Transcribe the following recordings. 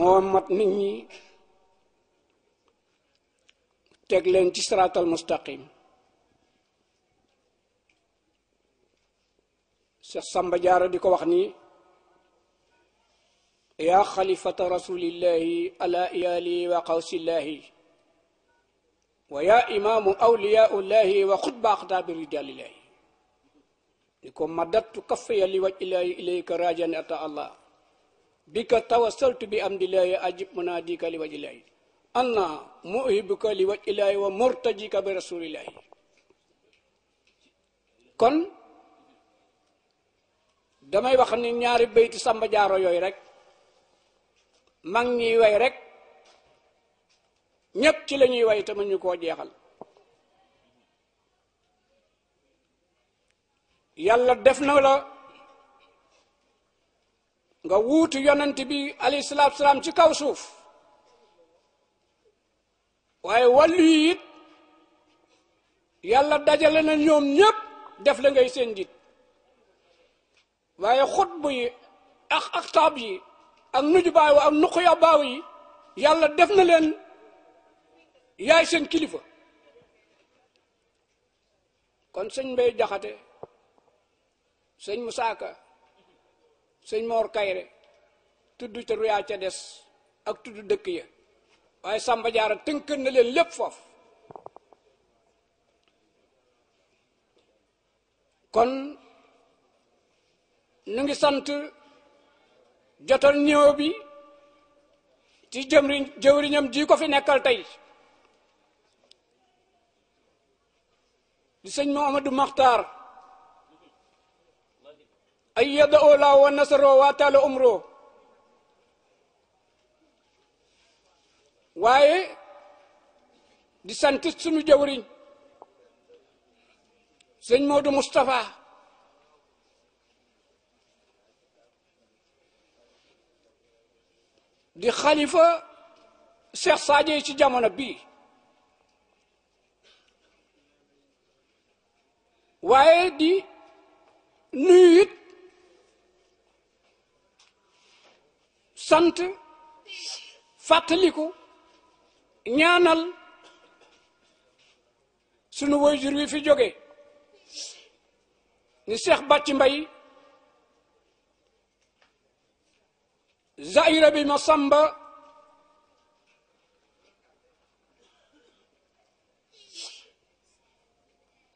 moo mat nit ñi teg leen ci siraatal mustaqim Seex Samba Jaara di ko wax ni yaa xalifata rasulillahi ala iyaali wa qawsillahi wa yaa imaamu awliyaullahi wa xutba axtaabi rijaalillahi ni ko maddattu kaffaya li waj ilahi ilayka rajan ata allah bika tawassaltu bi am amdillahi ajib munadika li wajillahi anna muhibuka li wajillahi wa murtajika bi rasulillahi kon damay wax ni ñaari bayti samba jaaro yooyu rek mag ñiy way rek ñépp ci lañuy ñuy way tamit ñu koo jeexal yàlla def na la nga wuutu yonent bi alayhi salaatu salaam ci kaw suuf waaye wàllu yi it yàlla dajale na ñoom ñépp def la ngay seen njiit waaye xutbu yi ak aktaab yi ak nujubaaw yi ak nuquya baaw yi yàlla def na leen yaay seen kilifa kon sëñ Mbay Jaxate sëñ Musaa sëñ moor Kayre tudd turu yaa ca des ak tudd dëkk ya waaye Samba Jaara tënk na leen lépp foofu kon nu ngi sant jotal néew bi ci jëmriñ jëwriñam ji ko fi nekkal tey di sëñ Mamadou Maxtaar أيده له والنصر وواتى لأمره واي دي سانتي سونو جوري سيني مودو مصطفى دي خليفة شيخ ساجي سي جامونا بي واي دي نويت sant fàttaliku ñaanal sunu waajur wi fi jóge ni Cheikh Bàcci Mbay zaira bi masamba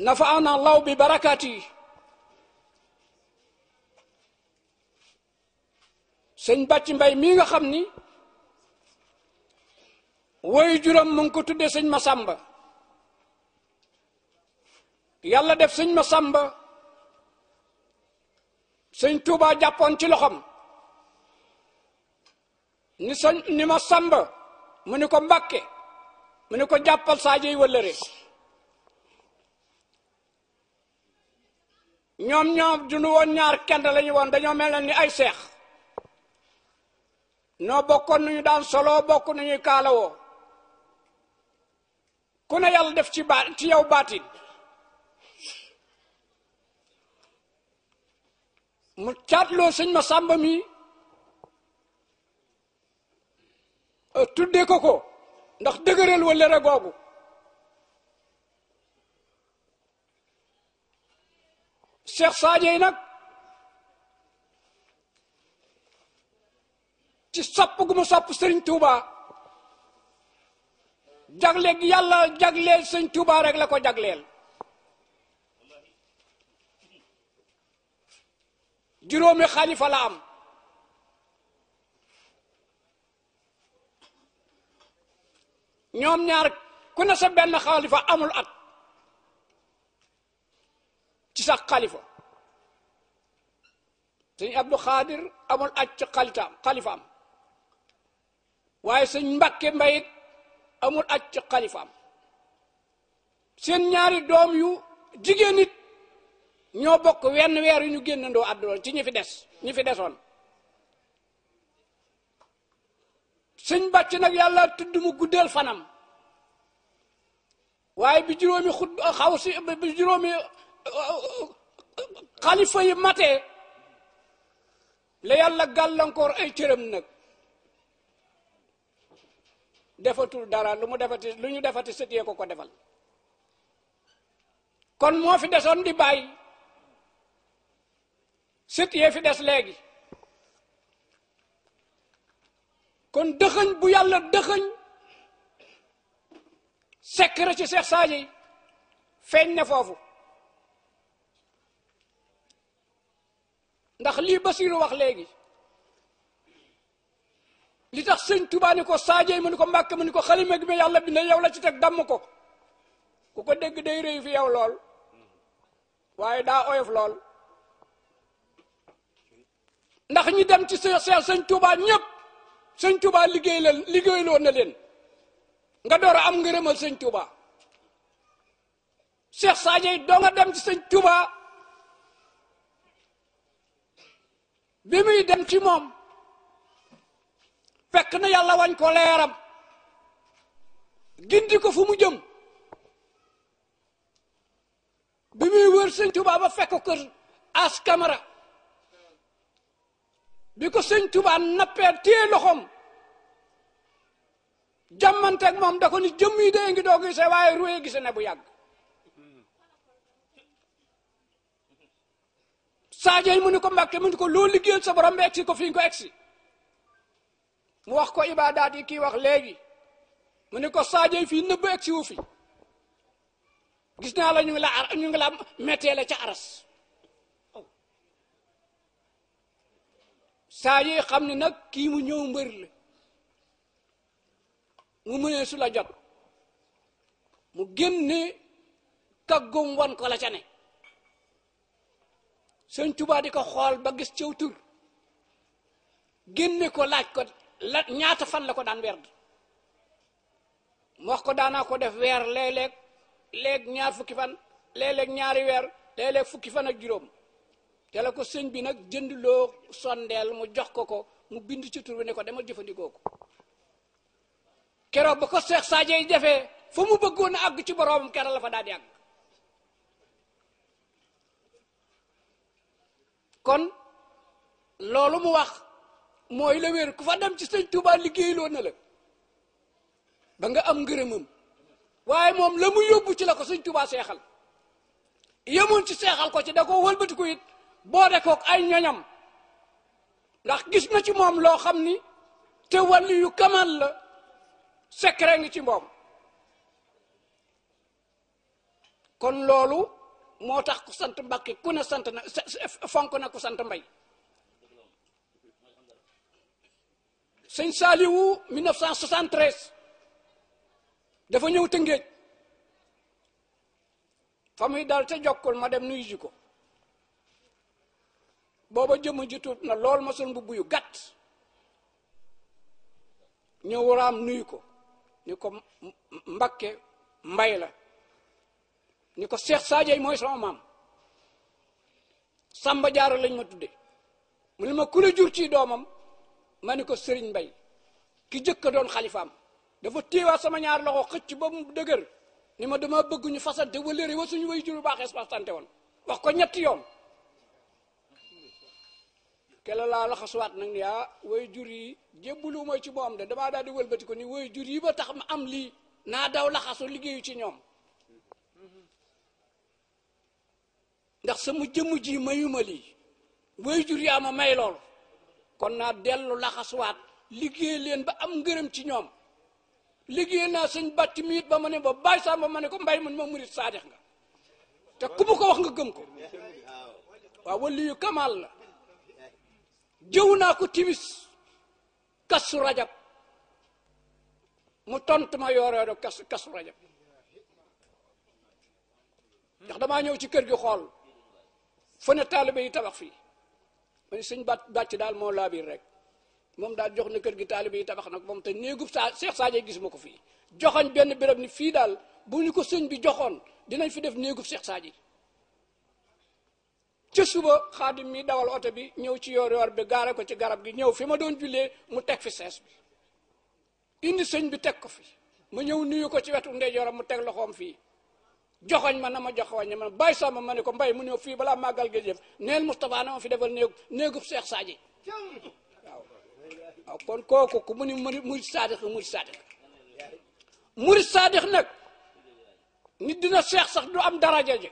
نفعنا الله ببركاته sëñ bàcci mbay mii nga xam ni woyu juróom mu ngi ko tudde sëñ sàmba yàlla def sëñ Masamba sëñ Tuubaa jàppoon ci loxoom ni sëñ ni Masamba mu ni ko Mbàkke mu ni ko jàppal saajoy wëllëre ñoom ñoom dunu woon ñaar kenn lañu woon dañoo mel ni ay seex noo bokkoon nu ñu daan solo bokk nu ñuy kaalawoo ku ne yàlla def ci baat ci yow baatin mu caatloo sëñ ma sàmba mi euh, tuddee ko ko ndax dëgëral wala lëre googu Cheikh Sadio nag soppguma sopp sëriñ Touba jagle gi yàlla jagleel sëñ Touba rek la ko jagleel juróomi xalifa la am ñoom ñaar ku ne sa benn xalifa amul at ci sax xalifa sëñ Abdou Xaadir amul at ci xalifaam waaye sëñ Mbàkke mbayit amul aj ci xalifaam seen ñaari doom yu jigéen it ñoo bokk wenn weer yu ñu génnandoo àdduna ci ñi fi des ñi fi desoon sëñ bàcc nag yàlla tudd mu guddeel fanam waaye bi juróomi xut xaw si bi juróomi xalifa yi matee la yàlla gàllankoor ay cëram nag defatul dara lu mu defati lu ñu defati sët yee ko ko defal kon moo fi desoon di bàyyi sët yee fi des léegi kon dëxëñ bu yàlla dëxëñ sekkere ci Seex yi feeñ na foofu ndax lii Basiru wax léegi li tax sëñ Tuubaa ni ko saajey mu ni ko Mbàkke mu ni ko xalima gi ma yàlla bind yow la ci teg damm ko ku ko dégg day rëy fi yow lool waaye daa oyof lool ndax ñi dem ci seen seen sëñ Tuubaa ñëpp sëñ Tuubaa liggéey la na leen nga door a am ngërëmal sëñ Tuubaa Cheikh Saajey doo nga dem ci sëñ Tuubaa bi muy dem ci moom fekk na yàlla wañ ko leeram ko fu mu jëm bi muy wër sëñ Tuba ba fekk kër as kamara bi ko sëñ Tuba nappee téye loxoom jàmmanteeg moom da ni jëmm yi dee ngi doo gisee waaye ruwee gise ne bu yàgg Sadio mu ni ko Mbàkke mu ko loo liggéeyal sa borom ba egsi ko fi ko egsi mu wax ko ibaadaat yi kii wax léegi mu ne ko Sadio fii nëbb ak si wu fi gis naa la ñu ngi la ñu ngi la mettee la ca aras Sadio xam ni nag kii mu ñëw mbër la mu mënee su la jot mu génne kaggum wan ko la ca ne sëñ di ko xool ba gis ciw génne ko laaj ko la ñaata fan la ko daan weer werd mu wax ko daana ko def weer léeg-léeg ñaar fukki fan léeg-léeg ñaari weer léeg-léeg fukki fan ak juróom te ko sëñ bi nag jënd loo sondeel mu jox ko ko mu bind ci tur bi ne ko demal jëfandikoo ko keroog ba ko Seex Sadio yi defee fa mu bëggoon a ci boroomam keroog la fa daal di àgg kon loolu mu wax mooy la ku fa dem ci sëñ Touba loon na la ba nga am ngërëmam waaye moom la mu yóbbu ci la ko sëñ tubaa seexal yemoon ci seexal ko ci da ko wëlbati ko it boole koog ay ñoñam ndax gis na ci moom loo xam ni te wàllu yu kamal la secret ngi ci moom kon loolu moo tax ku sant Mbàkke ku ne sant na fonk na ku sant Mbay sëñ Saaliwu 1973 dafa ñëw Tëngéej fa muy dal te jokkul ma dem nuyu ji ko booba jëmm ji tuut na lool ma sol mbubb yu gàtt ñëw waraam nuyu ko ni ko Mbakke Mbay la ni ko Seex Saajay mooy sama maam Samba Jaara lañ ma tudde mu ne ma ku jur ci doomam ma ni ko sëriñ mbay ki jëkka doon xalifaam dafa téewaat sama ñaar loxo xëcc ba mu dëgër ni ma dama bëgg ñu fasante wëlëre wa suñu way juru baaxee espacetante woon wax ko ñetti yoon kela laa laxasuwaat nag ni ah way jur yi jébbalu mooy ci moom de damaa daal di wëlbati ko ni way jur yi ba tax ma am lii naa daw laxasu liggéeyu ci ñoom ndax samu jëmm ji mayuma lii way jur yaa ma may lool kon naa dellu laxasuwaat liggéey leen ba am ngërëm ci ñoom liggéey naa sëñ bàtti miit ba ma ne ba bàyyi sàmba ma ne ko mbay man ma murit saadix nga te ku mu ko wax nga gëm ko waaw wali yu kamal la jëw naa ko timis kasu rajab mu tont ma yooroo do kasu rajab ndax damaa ñëw ci kër gi xool fu ne taalibe yi tabax fii ma ne sëñ bàcc bàcc daal moo laa biir rek moom daal jox na kër gi taalibe yi tabax nag moom te néegub saa Seex Saaje gis ma ko fii joxañ benn béréb ni fii daal bu ñu ko sëñ bi joxoon dinañ fi def néegub Seex Saaje ca suba xaadim mi dawal oto bi ñëw ci yoor yoor bi gaare ko ci garab gi ñëw fi ma doon jullee mu teg fi sees bi indi sëñ bi teg ko fi ma ñëw nuyu ko ci wetu ndeyjooram mu teg loxoom fii joxoñ ma na ma joxoñ ne ma bay sama ma ne ko mbay mu ñëw fii balaa màggal ga jëf neel Moustapha na ma fi defal néegu néegub Seex Sadji waaw waaw kon kooku ku mu ni murid saadix murid saadix murid saadix nag nit dina seex sax du am daraja ji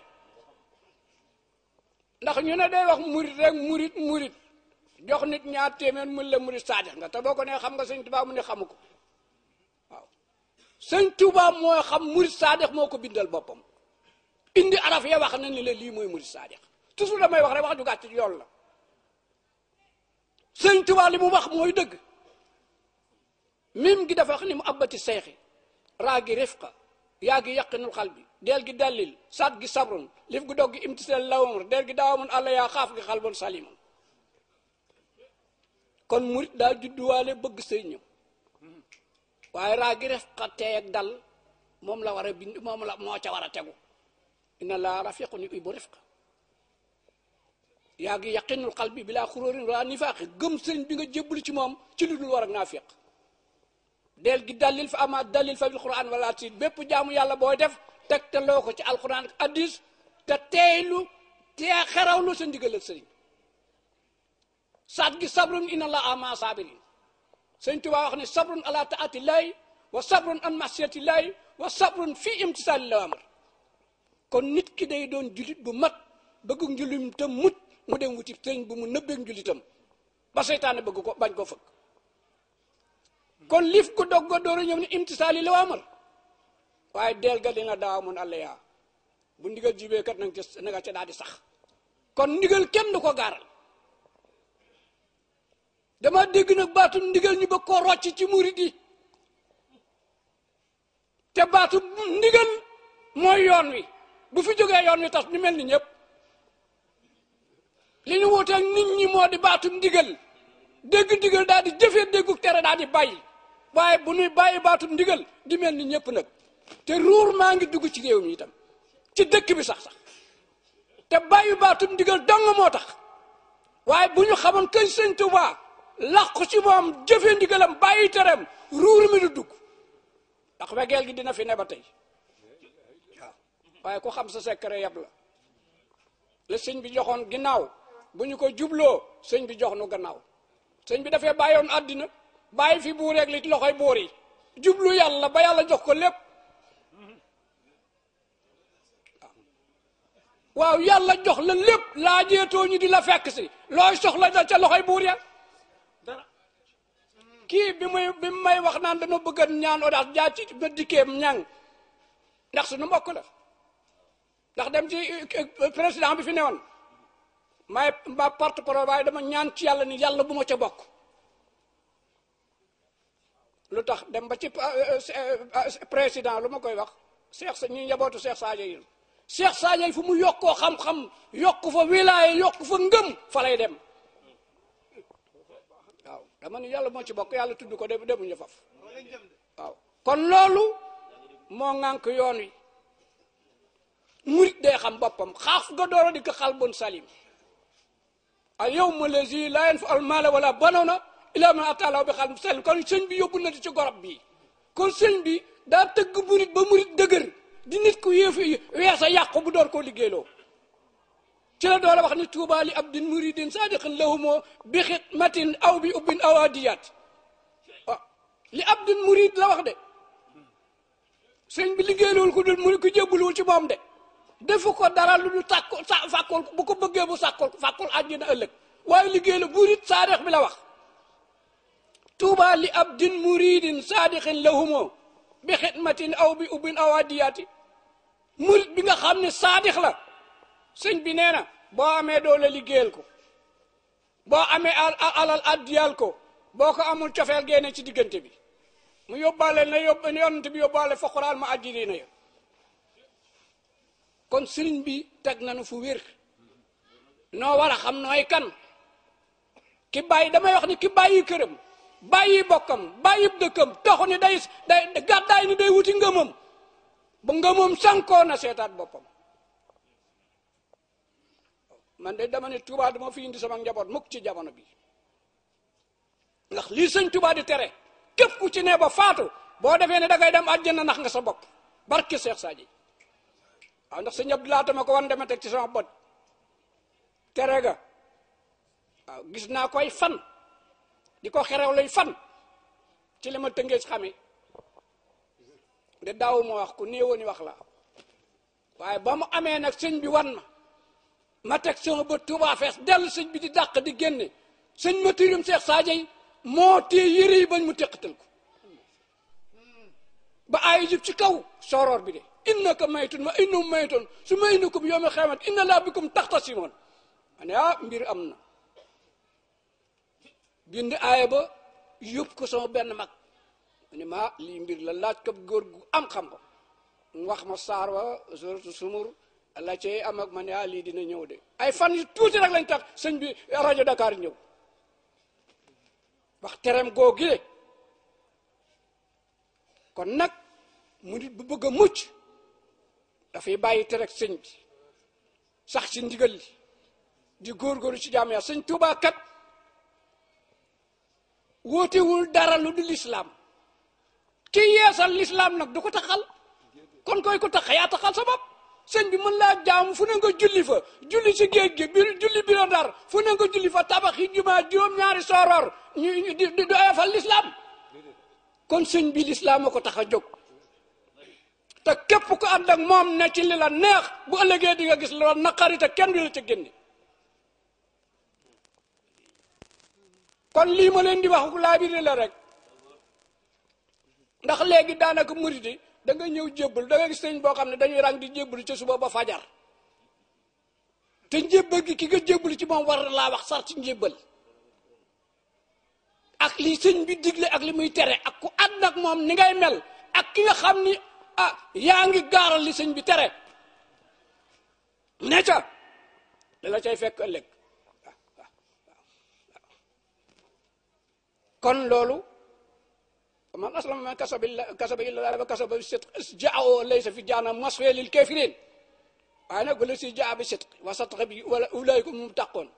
ndax ñu ne day wax murid rek murid murid jox nit ñaar téeméer mun la murid saadix nga te boo ko nee xam nga sëñ Tuubaa mu ne xamu ko waaw sëñ Tuubaa mooy xam murid saadix moo ko bindal boppam indi araf ya wax nañ le li moy mouride sadiq toujours damay wax rek wax du gàtt yoll la seigne touba limu wax moy deug mim gi dafa wax ni mu abati seexi ragi rifqa yaagi gi yaqinul xal bi gi dalil sad gi sabrun lif gu dog imtisal lawamr del gi daawamun àlla ya khaf gi khalbun salim kon murit daa judduwaale bëgg sëriñam waaye raa gi rifqa tey ak dal mom la wara bind mom la mo ca wara teggu إن الله رفيق يحب رفقه yaa ngi yaqinul qalbi bila xuróorin wala nifaaqi gëm sëriñ bi nga jébbalu ci moom ci lu dul war ak naafiq del gi dalil fa ama dalil fa bil quran wala tiit bépp jaamu yàlla booy def teg te loo ko ci alquran ak addis te teeylu te xerawlu sa ndigal ak sëriñ saat gi sabrun inna allah ama sabirin sëñ tuba wax ne sabrun ala taati lay wa sabrun an masiyati lay wa sabrun fi imtisali la amr kon nit ki day doon julit bu mat bëgg njulim te mut mu dem wuti sëriñ bu mu nëbbeeg njulitam ba seytaane bëgg ko bañ koo fëgg kon liif ku dogga dooru ñoom ne imtisaali la waamal waaye del ga dina daaw mun àlla yaa bu ndigal jibee kat nanga ca na nga ca daal di sax kon ndigal kenn du ko gaaral dama dégg nag baatu ndigal ñu koo rocc ci murit te baatu ndigal mooy yoon wi bu fi jógee yoon wi tax ñu mel ni ñëpp li ñu wuuteeg nit ñi moo di baatum ndigal dégg ndigal daal di jëfee déggu tere daal di bàyyi waaye bu ñuy bàyyi baatum ndigal di mel ni ñëpp nag te ruur maa ngi dugg ci réew mi itam ci dëkk bi sax sax te bàyyi baatum ndigal dong moo tax waaye bu ñu xamoon kañ sëñ Tuubaa làqu ci moom jëfee ndigalam bàyyi tereem ruur mi du dugg ndax wegeel gi dina fi ne ba tey waaye ku xam sa secret yab la la sëñ bi joxoon ginnaaw bu ñu ko jubloo sëñ bi jox nu gannaaw sëñ bi dafee bàyyoon àddina bàyyi fi buureeg li loxoy buur yi jublu yàlla ba yàlla jox ko lépp waaw yàlla jox la lépp laa jeetoo ñu di la fekk si looy soxla da ca loxoy buur ya kii bi muy bi may wax naan dama bëgg ñaan odaas jaa ci ma dikkeem ñang ndax suñu mbokk la ndax dem ci euh, bi fi newoon ma porte parole dama ñaan ci yàlla ni yàlla bu ma ca bokk lu tax dem ba ci euh, euh, président lu ma koy wax seex sa ñu njabootu seex saaja yi seex saaja yi fu mu yokkoo xam-xam yokku fa wilaaye yokku fa ngëm dem waaw dama ni yàlla moo ci bokk yàlla tudd ko dem de demuñu faf waaw kon loolu moo ŋànk yoon wi مريد دي خام بابام خاف غا ديك خال بون سليم اليوم الذي لا ينفع المال ولا بنونا الا من اتى الله بخال سليم كون سيغ بي يوبو نتي سي غورب بي كون سيغ بي دا تگ مريد با مريد دغر دي نيت كو ييف ويسا ياقو بو دور كو ليغيلو تي لا دورو واخ ني توبا لي عبد مريد صادق لهما بخدمه او بي اوب او اديات لي عبد مريد لا واخ دي سيغ بي ليغيلول كو مريد كو جيبول ول defu ko dara lu dul sàkku sa fàkkul bu ko bëggee mu sàkkul fàkkul àjjana ëllëg waaye liggéey la buurit saadix bi la wax tuuba li abdin muridin saadixin lahumoo bi xidmatin aw bi ubbin aw adiyaati murid bi nga xam ne saadix la sëñ bi nee na boo amee doole liggéeyal ko boo amee alal addiyal ko boo ko amul cofeel génne ci diggante bi mu yóbbaale na yóbb yonent bi yóbbaale foquraal ma addiri na yo kon sëriñ bi teg nañu fu wér noo war a xam nooy kan ki bàyyi damay wax ni ki bàyyi këram bàyyi bokkam bàyyi dëkkam taxu ni day day gàddaay ni day wuti ngëmam ba ngëmam sankoo na seetaat boppam man de dama ne Touba dama fi indi sama njaboot mukk ci jamono bi ndax lii sëñ Touba di tere képp ku ci ne ba faatu boo defee ne dangay dem àjjana nax nga sa bopp barke Seex Saaji waaw ndax sëñ Abdou Lahat ma ko wan dama teg ci sama bot tere ga gis naa koy fan di ko xerew lay fan ci li ma tëngee xame de daaw ma wax ku néewooni wax la waaye ba mu amee nag sëñ bi wan ma ma teg sama bët Tuubaa fees dellu sëñ bi di dàq di génne sëñ ma tirim Seex Saaja yi moo téye yére yi bañ mu teqatal ko ba aay jub ci kaw soroor bi de انك ميت وانهم ميتون ثم انكم يوم الخامس ان لا بكم تختصمون انا مير امنا بند ايه با يوب كو سو بن ماك اني ما لي مير لا لاج كاب غور غو ام خام با واخ ما سار وا زورت سمور الله تي ام اك مانيا لي دينا نيو دي اي فان توتي رك لاني تاخ سيغ بي راديو داكار نيو واخ تريم غوغي كون نك مونيت بو بوغا موتش dafay bàyyi tereg sëñ bi sax ci ndigal li di góor ci jaam yaa sëñ Tuubaa kat wóotewul dara lu dul lislaam ki yeesal lislaam nag du ko taxal kon koy ko tax yaa tax sa bopp sëñ bi mën laa jaamu fu ne nga julli fa julli ci géej gi bi julli bi la ndar fu ne nga julli fa tabax yi jumaa juróom-ñaari sooroor ñu di doyafal lislaam kon sëñ bi lislaam a ko tax a jóg te képp ku ànd ak moom ne ci li la neex bu ëllëgee di gis loola naqari te kenn du la ca génne kon lii ma leen di wax laa bi la rek ndax léegi daanaka murid yi da nga ñëw jébbal da gis sëñ boo xam ne dañuy ràng di jébbalu ci suba ba fajar te njébbal gi ki nga jébbalu ci moom war laa wax sar njébbal ak li sëñ bi digle ak li muy tere ak ku ànd ak moom ni ngay mel ak ki nga xam ni yaa ngi gaaral li sëñ bi tere ne ca dala cay fekk ëllëg kon loolu man aslama man kasaba illa llah kasaba bi sidq isjao laysa fi jaana maswe lil kafirin waaye nag wala si jaa bi sidq wa sadqa bi wala ulaykum mum taqoon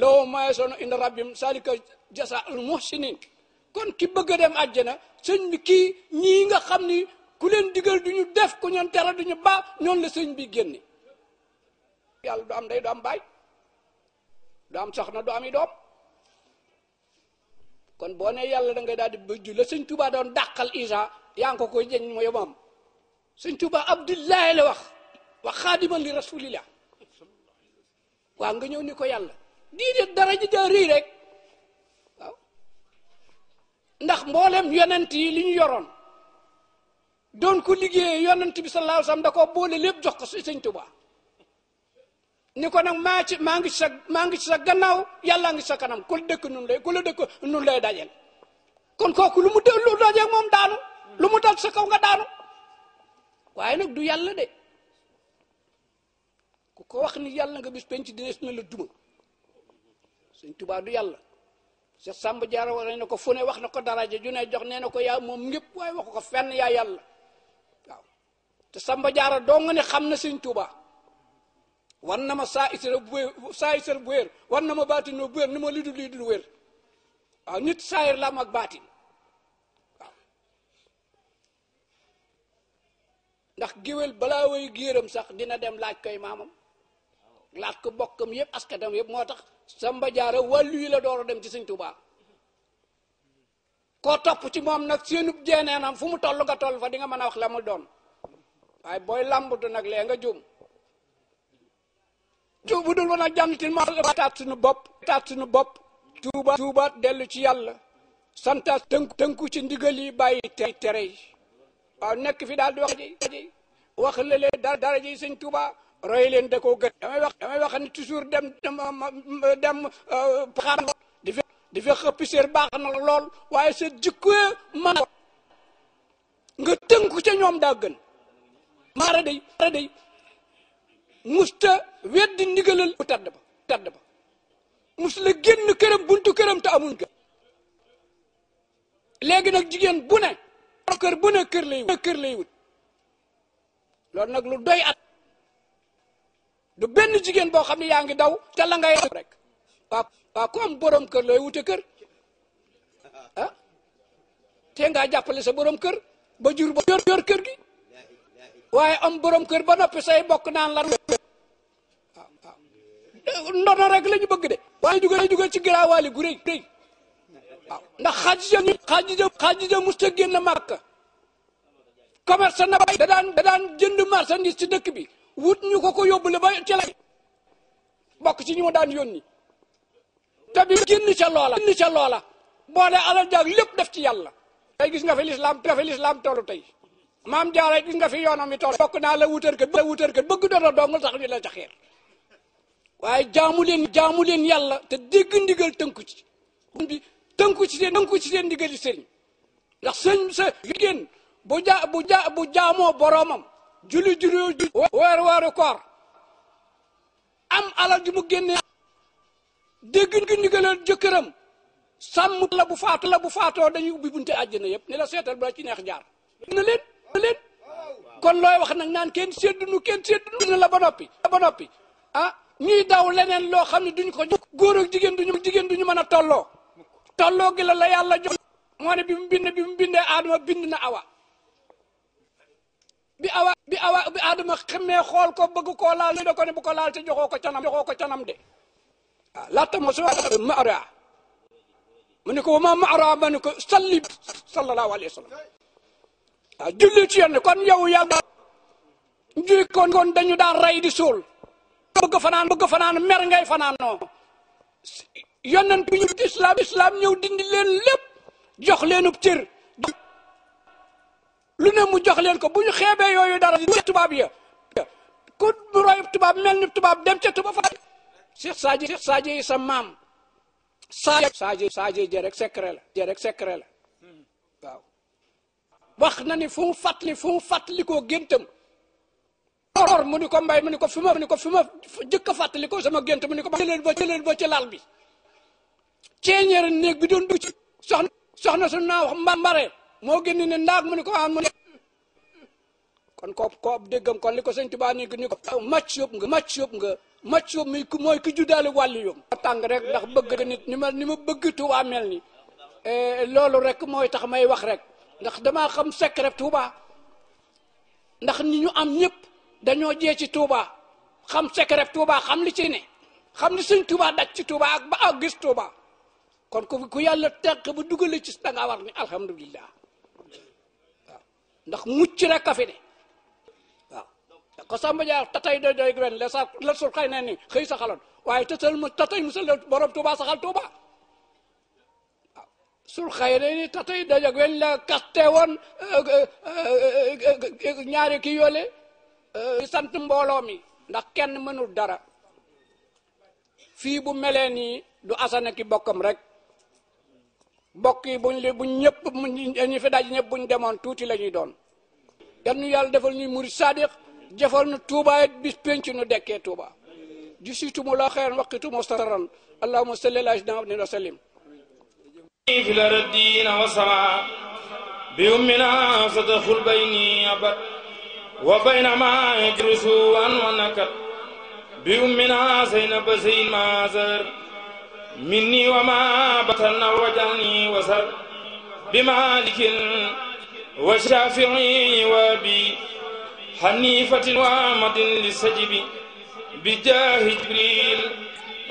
law mayasono inda rabbim salika jasa al muhsinin kon ki bëgg a dem àjjana sëñ bi kii ñii nga xam ni ku leen digal du ñu def ku ñoon tere du ñu baax ñoon la sëñ bi génne yàlla du am day du am baay du am soxna du am i doom kon boo ne yàlla da ngay daal di bëjju la sëñ Tuubaa doon dàqal isa yaa ngi ko koy jëñ mooy moom sëñ Abdullahi la wax wa xaadiman li rasulillah nga ñëw ni ko yàlla diidéet dara ji daa rek waaw ndax mboolem yonent yi li ñu yoroon don ko liggéeyee yonent bi sallallahu alayhi wa sallam da koo boole lépp jox ko sëñ Tuubaa ni ko nag maa ci maa ngi ci sa maa ngi ci sa gannaaw yàllaa ngi sa kanam ku la dëkk nun lay ku la nun lay dajeel kon kooku lu mu dé lu dajeeg moom lu mu dal sa kaw nga daanu waaye nag du yàlla de ku ko wax ni yàlla nga bis penc dines na la duma sëñ Tuubaa du yàlla sa sàmb jaara war na ko fu ne wax na ko daraja ju ne jox nee na ko yaa moom ñëpp waaye waxu ko fenn yaa yàlla te Samba Jaara dong ne xam na sëñ Tuuba war na ma saa isra bu wér saa war na ma baatinoo bu wér ni ma lidul lidul wér waaw nit saayir la ak baatin ndax géwél balaa way géeram sax dina dem laaj koy maamam laaj ko bokkam yëpp askatam yëpp moo tax Samba Jaara wàllu la door a dem ci sëñ Tuuba koo topp ci moom nag seenub jeeneenam fu mu toll nga toll fa di nga mën a wax la mu doon waaye booy lambatu nag lee nga juum juum bu dul ba nag ma taat suñu bopp bopp tuuba tuuba dellu ci yàlla santaat tënku tënku ci ndigal yi bàyyi tey tere yi waaw nekk fi daal di wax ji wax lële dara ji sëñ tuuba roy leen da koo gën damay wax damay wax ne toujours dem dem paxaan euh, di fi di fi xëppi seen baax na lool waaye sa jikko mën nga tënku ca ñoom daa maara day maara day musta weddi ndigalal bu tedd ba tedd ba mus la génn këram buntu këram te amuñ ga léegi nag jigéen bu ne kër bu ne kër lay kër lay loolu nag lu doy at du benn jigéen boo xam ne yaa ngi daw te la ngay rek waa waa am borom kër lay wute kër tee ah? te ngaa jàppale sa borom kër ba jur ba yor kër gi waaye am borom kër ba noppi say bokk naan lan ndono rek la ñu bëgg de waaye jóge jóge ci giraawaali gu rëy rëy waaw ndax xaajija ñu xaajija xaajija musta génn màkka commerce na bay da daan da daan jënd ci dëkk bi wut ñu ko ko yóbbule ba ci lay bokk ci ñu ma daan yónni te bi génn ca loola génn ca loola boole alal jaag lépp def ci yàlla tey gis nga fi lislaam nga fi tey maam jaara gis nga fi yoonam yi toll bokk naa la wutar kat la wutar kat bëgg doon a dongal tax ñu la taxeer waaye jaamu leen jaamu leen yàlla te dégg ndigal tënku ci bi tënku ci seen tënku ci seen ndigali sëriñ ndax sëñ sa yigéen bu ja bu ja bu jaamoo boroomam juli juli weer weeru koor am alal ju mu génnee dégg ndigalal jëkkëram sàmm la bu faatu la bu faatoo dañuy ubbi bunte àjjana yëpp ni la seetal bu la ci neex jaar na leen leen kon looy wax nag naan kenn séddunu kenn séddunu la ba noppi ba noppi ah ñuy daw leneen loo xam ne duñ ko jox góor ak jigéen duñu jigéen duñu mën a tolloo tolloo gi la la yàlla jox moo ne bi mu bind bi mu bindee aadama bind na awa bi awa bi awa bi aadama xemmee xool ko bëgg koo laal da ko ne bu ko laal te joxoo ko canam joxoo ko de waaw ah, laata ma soo maara mu ne ko ma maara ma ne ko salli sallallahu alayhi sallam waaw ah, julli ci yonent kon yow yaa ngi kon kon dañu daan rey di suul bëgg fanaan bëgg fanaan mer ngay fanaan noo ñu islam islam ñëw dindi leen lépp jox leenub cër lu ne mu jox leen ko bu ñu xeebee yooyu dara di tubaab ya ku bu tubaab mel ni tubaab dem ca tubaab fa Cheikh Sadji Cheikh Sadji sa maam Sadji Sadji Sadji jërek secret la jërek secret la wax na ni fu mu fàttali fu mu fàttali koo géntam or mu ni ko mbay mu ni ko fi ma mu ni ko fi ma jëkk a fàttali ko sama gént mu ni ko ba jëleel ba jëleel ba ci lal bi ceeñeer néeg bi doon dugg ci soxna soxna su naa wax mbambare moo génn ne ndaag mu ni ko aan mu ne kon ko ko déggam kon li ko sëñ Tuubaa ni ni ko màcc yóbbu nga màcc yóbbu nga màcc yóbbu mi mooy ki juddaale wàllu yóm tàng rek ndax bëgg nit ni ma ni ma bëgg Tuubaa mel ni loolu rek mooy tax may wax rek ndax damaa xam secret Touba ndax ni ñu am ñëpp dañoo jee ci Touba xam secret Touba xam li ci ne xam ni suñ Touba daj ci Touba ak ba ak gis Touba kon ku ku yàlla tënk bu dugale ci da ngaa war ni alhamdulilah waaw ndax mucc rek a fi ne waaw ko samba jaar tatay doy doy ren la sa la sur xëy na ni xëy sa xaloon waaye tësal ma tatay musal borom Touba saxal Touba Sulxayni te tey dajeeg weñ la kaste woon eh, eh, eh, ñaari ki yole di sant mbooloo mi ndax kenn mënul dara fii bu melee nii du asana ki bokkam rek bokk yi buñ buñ ñëpp ñi fi daj ñëpp buñ demoon tuuti la ñuy doon yan ñu yàlla defal ñuy murid sadiq jëfal nu tuubaayet bis penc nu dekkee tuuba ji situmu la xeeran waqitu mustaran allahuma salli ala sayyidina wa sallim في الدين وسواء بأمنا فتدخل بيني أبد وبينما يجرسوا أن ونكر بأمنا زينب زين ما زر مني وما بطن وجاني وسر بمالك وشافعي وبي حنيفة وامد للسجب بجاه جبريل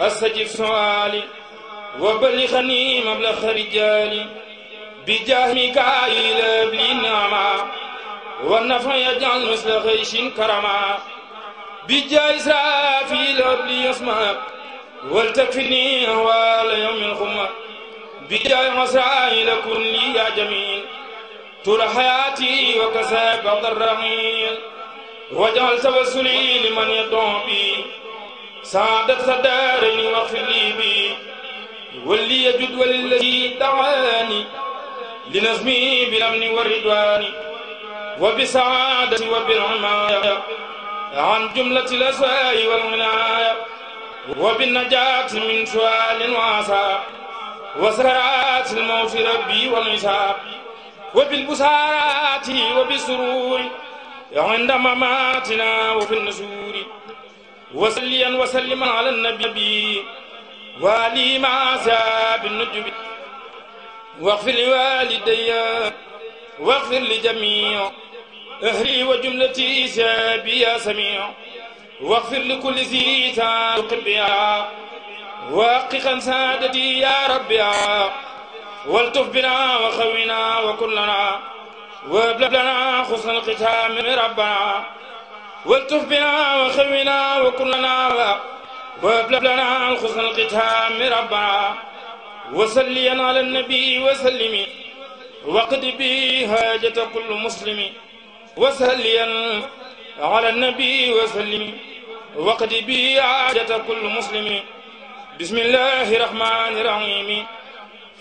السجب سؤالي وبلغني مبلغ رجالي بجاه ميكائيل بلي نعما والنفع يجعل مثل غيش كرما بجاه إسرافيل بلي يسمع ولتكفني أهوال يوم الخمة بجاه مسائل كل يا جميل طول حياتي وكسب بعض الرحيم وجعل توسلي لمن يدعو بي سعادة صدرني واغفر لي بي ولي وليجد وللذي دعاني لنزمي بالأمن والرضوان وبسعادة وبالعماية عن جملة الأسواي والغناية وبالنجاة من سؤال واسع وسرات الموت ربي والنساء وبالبسارات وبالسرور عند مماتنا وفي النسور وسليا وسلما على النبي والي ما زاب النجم واغفر لوالدي واغفر لجميع أهلي وجملتي سابي يا سميع واغفر لكل ذي تعلق بها واقفا سادتي يا ربي والتف بنا وخوينا وكلنا وابلغ خصنا حسن الختام ربنا والتف بنا وخوينا وكلنا وابلغنا الخصن القتام ربا وسليا على النبي وسلمي وقد بي حاجة كل مسلم وسليا على النبي وسلمي وقد بي حاجة كل مسلم بسم الله الرحمن الرحيم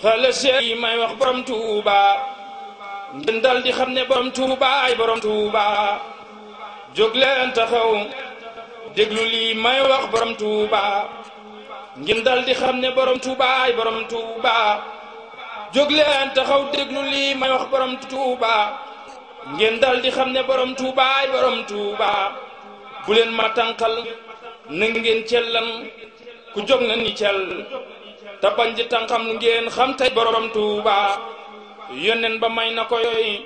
خلى شيء ما يخبرم توبا دندال دي خمني برم توبا اي برم توبا جوغلان تخو déglu lii may wax borom Touba ngeen dal xam ne borom Touba ay borom Touba jóg leen taxaw déglu lii may wax borom Touba ngeen dal di xam ne borom Touba ay borom Touba bu leen ma tànqal na ngeen cellan ku jóg na ni cell te bañ di ngeen xam tey borom Touba yónneen ba may na ko yooyu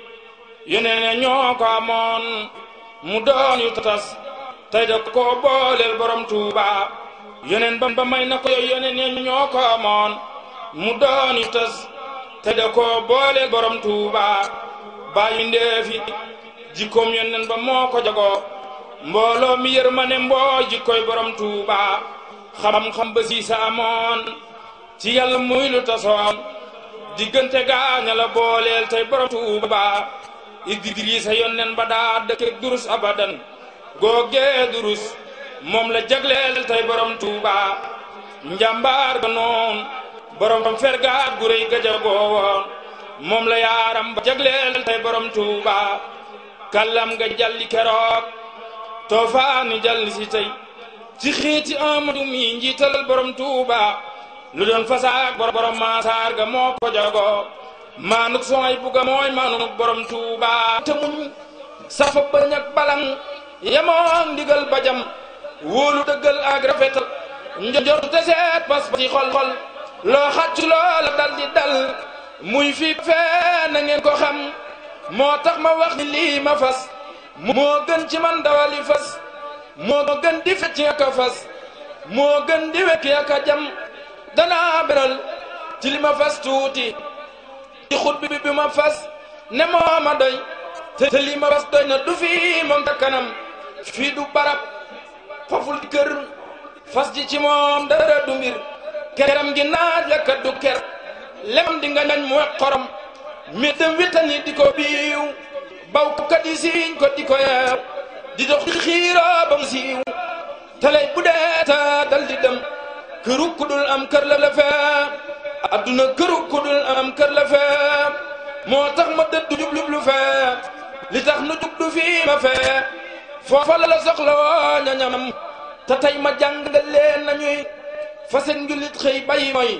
yónneen ñoo ko amoon mu doon yu tey da ko booleel borom tuuba yeneen ba may na ko yooyu ya ñoo ko amoon mu dooni tës tey da koo booleel borom tuuba bàyyi ndeefi jikkoom yeneen ba moo ko jagoo mbooloo mi yërmane mboo jikkoy borom tuuba xam-xam ba sii sa amoon ci yàlla muy lu tasoon diggante gaaña la booleel tey borom tuuba idrisa yonneen ba daa dëkk durus abadan googee durus moom la jagleel tey borom Touba njàmbaar ga noon borom fergaat gu rëy ga jagoo moom la yaaram ba jagleel tey borom Touba kallam nga jalli keroog toofaani jalli si ci xiiti Amadu mi njiitalal borom Touba lu doon fasaak borom maasaar ga moo ko maanuk songay buga mooy maanuk borom Touba te muñ safa bañ ak balang yemoo ndigal bajam wóolu dëggal ak rafetal njortu te seet pas ba ci xol xol loo xàcc loola dal dal muy fi fee na ngeen ko xam moo tax ma wax ni lii ma fas moo gën ci man dawali fas moo gën di fecc ak a fas moo gën di wekk ak a jam danaa beral ci li ma fas tuuti ci xut bi bi ma fas ne moo ma doy te li ma fas doy na du fi moom ta kanam fii du barab faful kër fas ji ci moom dara du keram gi naaj la kat du ker lemam di nga nañ mooy xorom mi dem witani di ko biiw baw ko kat yi siiñ ko di ko yeew di dox di xiiroo ba siiw talay bu dee ta dal di dem ku dul am kër la la fee adduna këru ku dul am kër la fee moo tax ma dëddu jublu fee li tax nu jublu fii ma fee foo la soxla woo ñañam te tey ma jàngal leen nañuy fasen njulit xëy bay mooy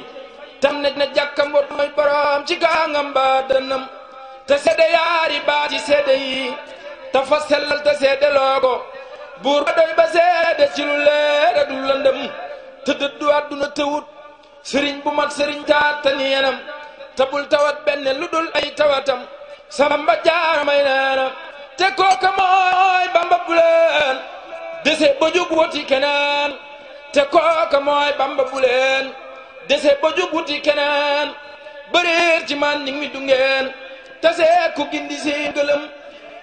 tam ne ne jàkkam wat mooy borom ci gaangam ba dënnam te seede yaari baat ci yi te fa sellal te seede loo buur ba doy ba seede ci lu leer du lëndëm te dëddu àdduna tëwut bu mat sëriñ taatani yenam te bul tawat benn lu dul ay tawatam sama mba jaara may neena te kooka mooy bamba buleen dese ba jug wuti keneen te kooka mooy bamba buleen dese ba jug wuti keneen bëreer ci man ni mi dungeen tase ku gindi si ngëlëm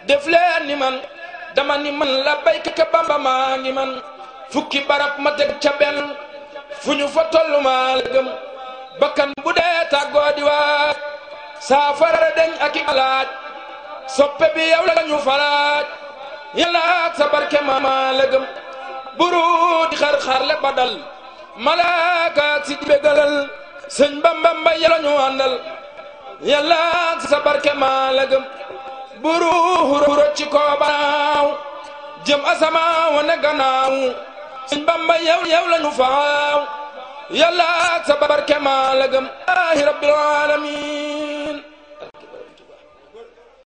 def ni man dama ni man la béykaka bamba maa ngi man fukki barab ma teg ca benn fu ñu fa tollu maa la gëm bakkan bu dee tàggoo di waaj saafara deñ ak i alaaj soppe bi yow la ñu falaaj yàlla ak sa barke mama la gëm buru di xar ba dal malaaka si di bégalal sëñ bambamba yàlla ñu àndal yàlla ak sa barke ma la gëm buru huro ci ko banaaw jëm asama wane gannaaw sëñ bamba yow la ñu faaw yàlla ak sa barke ma la rabbil alamin